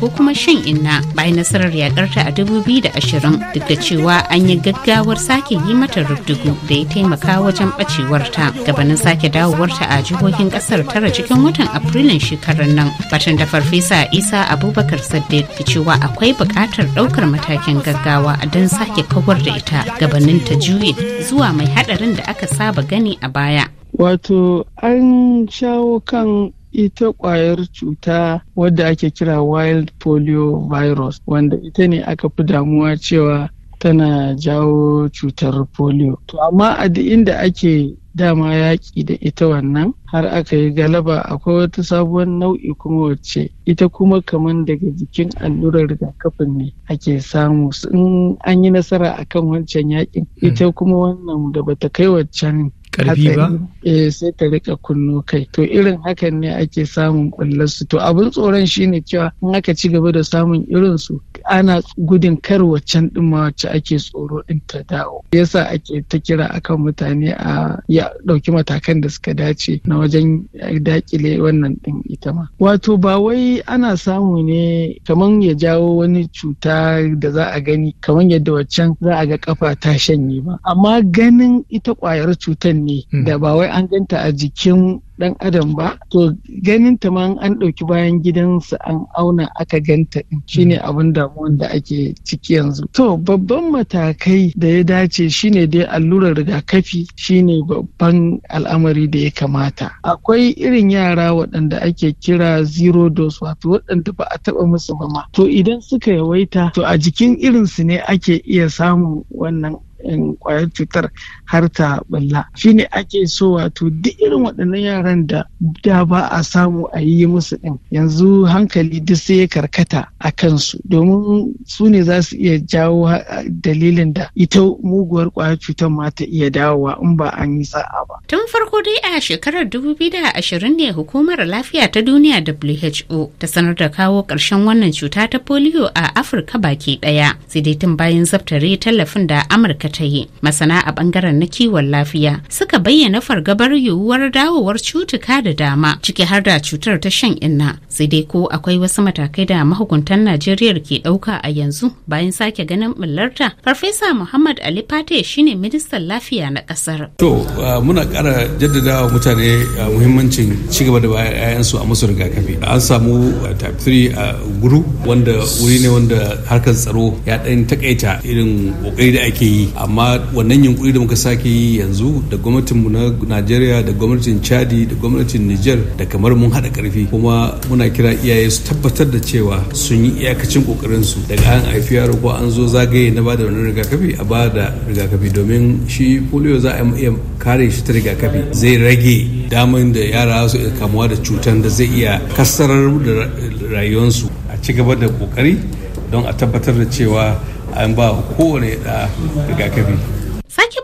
ko kuma shan inna bayan nasarar yakarta a 2020 duk da cewa an yi gaggawar sake yi mata rubdugu da ya taimaka wajen bacewarta gabanin sake dawowarta a jihohin kasar tara cikin watan afrilun shekarar nan batun da farfesa isa abubakar saddiq ke cewa akwai buƙatar ɗaukar matakin gaggawa don sake kawar da ita gabanin ta juye zuwa mai haɗarin da aka saba gani a baya wato an shawo kan ita kwayar cuta wadda ake kira wild polio virus wanda ita ne aka fi damuwa cewa tana jawo cutar polio to amma a duk inda ake dama yaƙi da ita wannan har aka yi galaba akwai wata sabuwar nau'i kuma wacce ita kuma kaman daga jikin allurar rigakafin ne ake samu in an yi nasara akan wancan yaƙin hmm. ita kuma wannan da bata kai waccan karfi ba eh sai ta rika kunno kai to irin hakan ne ake samun bullar su to abin tsoron shine cewa in aka ci gaba da samun irin su ana gudun kar waccan din ma wacce ake tsoro din ta dawo yasa ake ta kira akan mutane a ya dauki matakan da suka dace na wajen dakile wannan din ita ma wato ba wai ana samu ne kaman ya jawo wani cuta da za a gani kaman yadda waccan za a ga kafa ta shanye ba amma ganin ita kwayar cutar ne ne hmm. da ba wai an ganta a jikin dan adam ba to ganin ta ma an ɗauki bayan gidansa an auna aka ganta shine hmm. abin damuwan da ake ciki yanzu to babban matakai da ya dace shine dai allurar rigakafi shine babban al'amari da ya kamata akwai irin yara waɗanda ake kira zero dose wato waɗanda ba a taɓa musu ba ma to idan suka yawaita to a jikin irinsu ne ake iya samun wannan in kwayar cutar har ta balla shine ake so wato duk irin waɗannan yaran da da ba a samu a yi musu ɗin yanzu hankali duk sai ya karkata a kansu domin su ne za su iya jawo dalilin da ita muguwar kwayar cutar ma ta iya dawowa in ba an yi sa'a ba tun farko dai a shekarar ashirin ne hukumar lafiya ta duniya WHO ta sanar da kawo ƙarshen wannan cuta ta polio a Afirka baki ɗaya sai dai tun bayan zaftare tallafin da Amurka ta yi masana a bangaren na kiwon lafiya suka bayyana fargabar yiwuwar dawowar cutuka da dama ciki har da cutar ta shan inna sai dai ko akwai wasu matakai da mahukuntan najeriya ke dauka a yanzu bayan sake ganin bullarta farfesa muhammad ali fate shine ministan lafiya na kasar. to muna ƙara jaddada wa mutane muhimmancin gaba da yayansu a musu rigakafi an samu type 3 a guru wanda wuri ne wanda harkar tsaro ya ɗan takaita irin ƙoƙari da ake yi amma wannan yunkuri da muka sake yi yanzu da gwamnatinmu na najeriya da gwamnatin chadi da gwamnatin niger da kamar mun haɗa karfi kuma muna kira iyaye su tabbatar da cewa sun yi iyakacin kokarin su daga an haifi yaro ko an zo zagaye na bada wannan rigakafi a da rigakafi domin shi polio za a iya kare shi ta rigakafi zai rage damar da yara su kamuwa da cutar da zai iya kassarar da rayuwarsu a ci gaba da kokari don a tabbatar da cewa an ba kowane ɗa rigakafi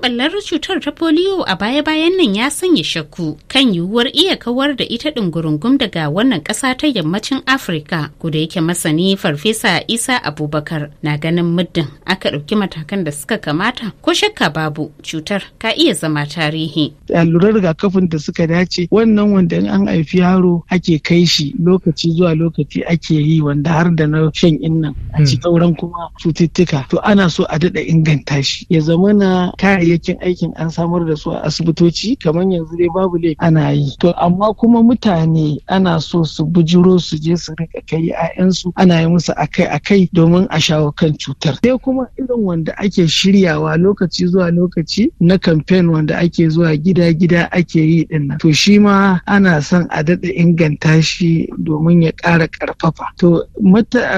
kwallon cutar ta polio a baya-bayan nan ya sanya shakku kan yiwuwar iya kawar da ita ɗungurungum daga wannan ƙasa ta yammacin Afirka. Kuda yake masani Farfesa Isa Abubakar na ganin muddin aka ɗauki matakan da suka kamata ko shakka babu cutar ka iya zama tarihi. Allurar rigakafin da suka dace wannan wanda an haifi yaro ake kai shi lokaci zuwa lokaci ake yi wanda har da na shan innan a hmm. cikin kuma cututtuka to ana so a daɗa inganta shi ya zama na kayayyakin cikakken aikin an samar da su a asibitoci kamar yanzu dai babu laifi ana yi to amma kuma mutane ana so su bujiro su je su rika kai 'ya'yansu ana yi musu akai-akai domin a shawo kan cutar sai kuma irin wanda ake shiryawa lokaci zuwa lokaci na kamfen wanda ake zuwa gida-gida ake yi dinnan to shi ma ana son a daɗa inganta shi domin ya ƙara ƙarfafa to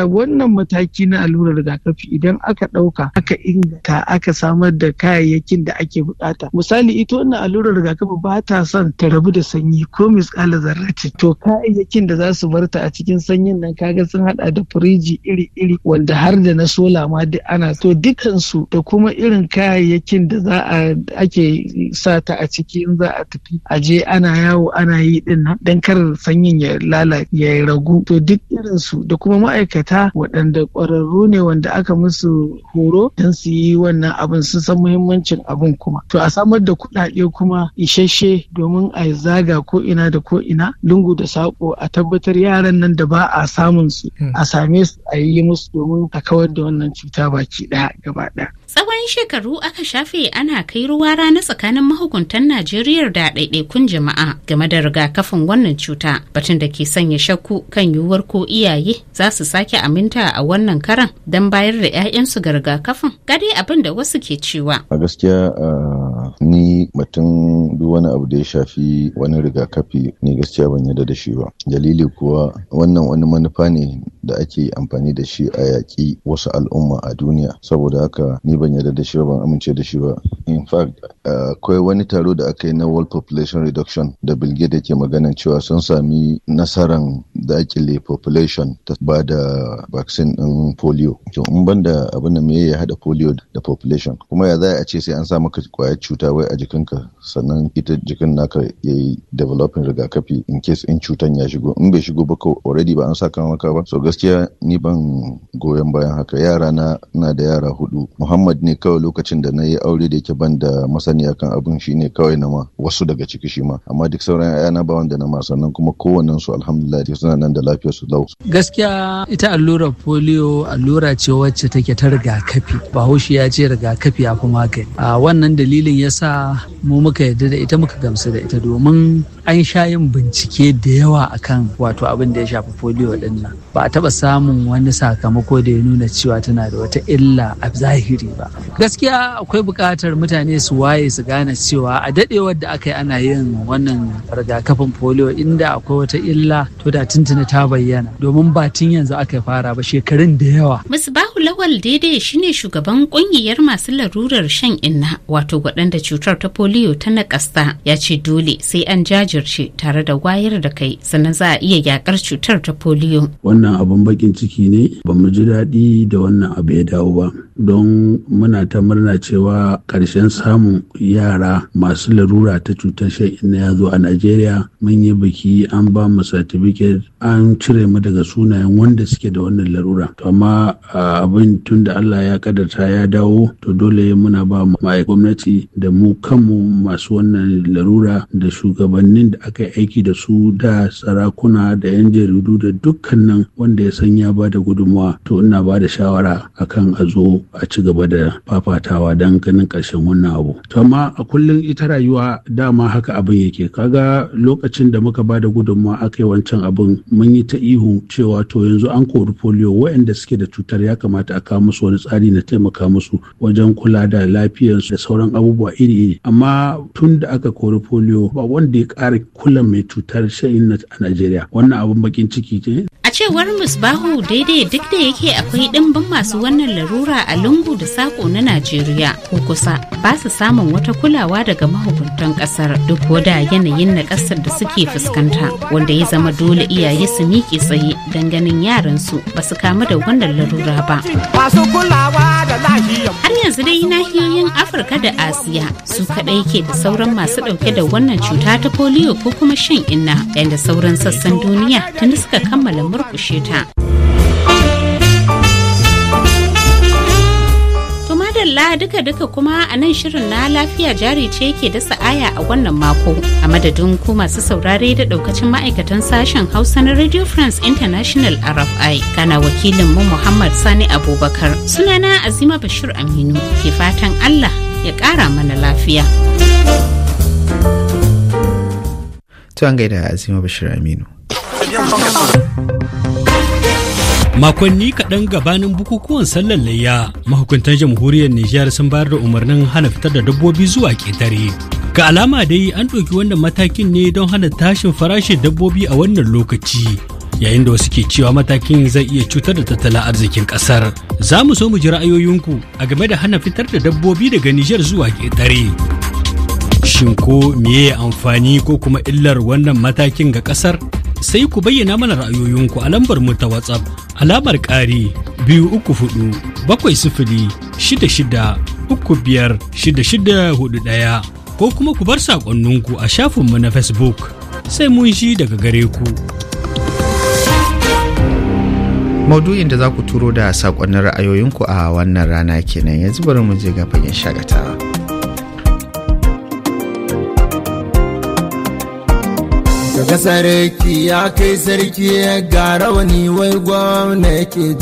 wannan mataki na allurar rigakafi idan aka ɗauka aka inganta aka samar da kayayyakin lokacin da ake bukata misali ita wannan allurar rigakafi ba ta son ta rabu da sanyi ko misali zarrati to kayayyakin da za su barta a cikin sanyin nan kaga sun hada da firiji iri-iri wanda har da na sola ma duk ana to dukansu da kuma irin kayayyakin da za a ake sa ta a ciki in za a tafi a je ana yawo ana yi din nan dan kar sanyin ya lala ya ragu to duk su da kuma ma'aikata waɗanda ƙwararru ne wanda aka musu horo don su yi wannan abin sun san muhimmancin abun kuma to a samar da kuɗaɗe kuma isasshe domin a zaga ko ina da ko ina lungu da saƙo a tabbatar yaran nan da ba a samun su hmm. a same su a yi musu domin a kawar da wannan cuta baki ɗaya gaba ɗaya Tsawon shekaru aka shafe ana kai ruwa rana tsakanin mahukuntan Najeriya da ɗaiɗaikun jama'a game da rigakafin wannan cuta batun da ke sanya shakku kan yiwuwar ko iyaye za su sake aminta a wannan karan don bayar da 'ya'yansu ga rigakafin gadi abin da wasu ke cewa. A gaskiya ah, ni batun duk wani abu da ya shafi wani rigakafi ne gaskiya ban yarda da shi ba dalili kuwa wannan wani manufa ne da ake amfani da shi a yaƙi wasu al'umma a duniya saboda haka ni ban yarda da shi ba ban amince da shi ba in fact akwai wani taro da aka yi na world population reduction da bilge da ke maganan cewa sun sami nasaran dakile population ta ba da vaccine din polio to in banda abin da me ya hada polio da population kuma ya za a ce sai an sa maka kwayar cuta rigakawai a jikinka sannan ita jikin naka ya yi developing rigakafi in case in cutan ya shigo in bai shigo ba ka already ba an sa kan maka ba so gaskiya ni ban goyon bayan haka yara na na da yara hudu muhammad ne kawai lokacin da na yi aure da yake ban da masani akan abin ne kawai na ma wasu daga ciki shi ma amma duk sauran na ba wanda na ma sannan kuma kowannen su alhamdulillah suna nan da lafiyar su lau gaskiya ita allurar polio allura ce wacce take ta rigakafi bahaushe ya ce rigakafi ya fi magani a wannan dalilin ya sa mu muka yarda da ita muka gamsu da ita domin an sha yin bincike da yawa akan wato abin da ya shafi polio din nan ba a taba samun wani sakamako da ya nuna cewa tana da wata illa a zahiri ba gaskiya akwai buƙatar mutane su waye su gane cewa a dadewar da aka yi ana yin wannan rigakafin polio inda akwai wata illa to da tuntuna ta bayyana domin ba tun yanzu aka fara ba shekarun da yawa. ba Lawal daidai shine shugaban kungiyar masu larurar shan inna wato waɗanda cutar ta polio ta nakasta ya ce dole sai an jajirce tare da wayar da kai sannan za a iya yakar cutar ta polio. Wannan abun bakin ciki ne ba mu ji daɗi da wannan abu ya dawo ba don muna ta murna cewa ƙarshen samun yara masu larura ta cutar shan inna ya zo a Najeriya mun yi biki an ba mu certificate an cire mu daga sunayen wanda suke da wannan larura. amma ah, abin tun da Allah ya kadarta ya dawo to dole muna ba ma'ai gwamnati da mu kanmu masu wannan larura da shugabannin da aka yi aiki da su da sarakuna da 'yan jaridu da dukkanin wanda ya san ya ba da gudunmawa to ina ba da shawara akan a zo a ci gaba da fafatawa don ganin ƙarshen wannan abu. To amma a kullum ita rayuwa dama haka abin yake kaga lokacin da muka ba da gudunmawa aka yi wancan abin mun yi ta ihu cewa to yanzu an kori polio waɗanda suke da cutar ya kamata kamata a kawo musu wani tsari na taimaka musu wajen kula da lafiyar su da sauran abubuwa iri-iri amma tun da aka kori polio ba wanda ya kara kula mai cutar sha'in a Najeriya wannan abin bakin ciki ne cewar dai daidai duk da yake akwai ɗimbin masu wannan larura a lungu da sako na najeriya ko kusa ba su samun wata kulawa daga mahukuntan ƙasar duk da yanayin na ƙasar da suke fuskanta wanda ya zama dole iyaye su miƙe tsaye don ganin yaransu ba su kamu da wannan larura ba har yanzu dai nahiyoyin afirka da asiya su kaɗai ke da sauran masu ɗauke da wannan cuta ta polio ko kuma shan inna yadda sauran sassan duniya da suka kammala murku murkushe ta. Tumadalla duka-duka kuma a nan shirin na lafiya jari ce ke dasa aya a wannan mako a madadin ku masu saurare da ɗaukacin ma'aikatan sashen hausa na radio france international rfi kana wakilin mu muhammad sani abubakar sunana azima bashir aminu ke fatan allah ya kara mana lafiya tuwan gaida azima bashir aminu Makonni kaɗan gabanin bukukuwan sallar layya mahukuntan jamhuriyar Nijar sun bayar da umarnin hana fitar da dabbobi zuwa ƙetare. Ga alama dai an ɗauki wannan matakin ne don hana tashin farashin dabbobi a wannan lokaci. Yayin da wasu ke cewa matakin zai iya cutar da tattalin arzikin ƙasar. Za mu so mu ji ra'ayoyinku a game da hana fitar da dabbobi daga Nijar zuwa ƙetare. Shin ko meye amfani ko kuma illar wannan matakin ga ƙasar? sai ku bayyana mana ra'ayoyinku a lambar mu ta WhatsApp alamar ƙari biyu uku hudu bakwai sifili shida shida uku biyar shida shida hudu ɗaya ko kuma ku bar saƙonninku a shafinmu na Facebook sai mun shi daga gare ku. maudu'in da za ku turo da saƙonnin ra'ayoyinku a wannan rana kenan yanzu bari mu je ga fagen shagatawa. Daga sarki ya kai sarki ya gara wani wai gwamna yake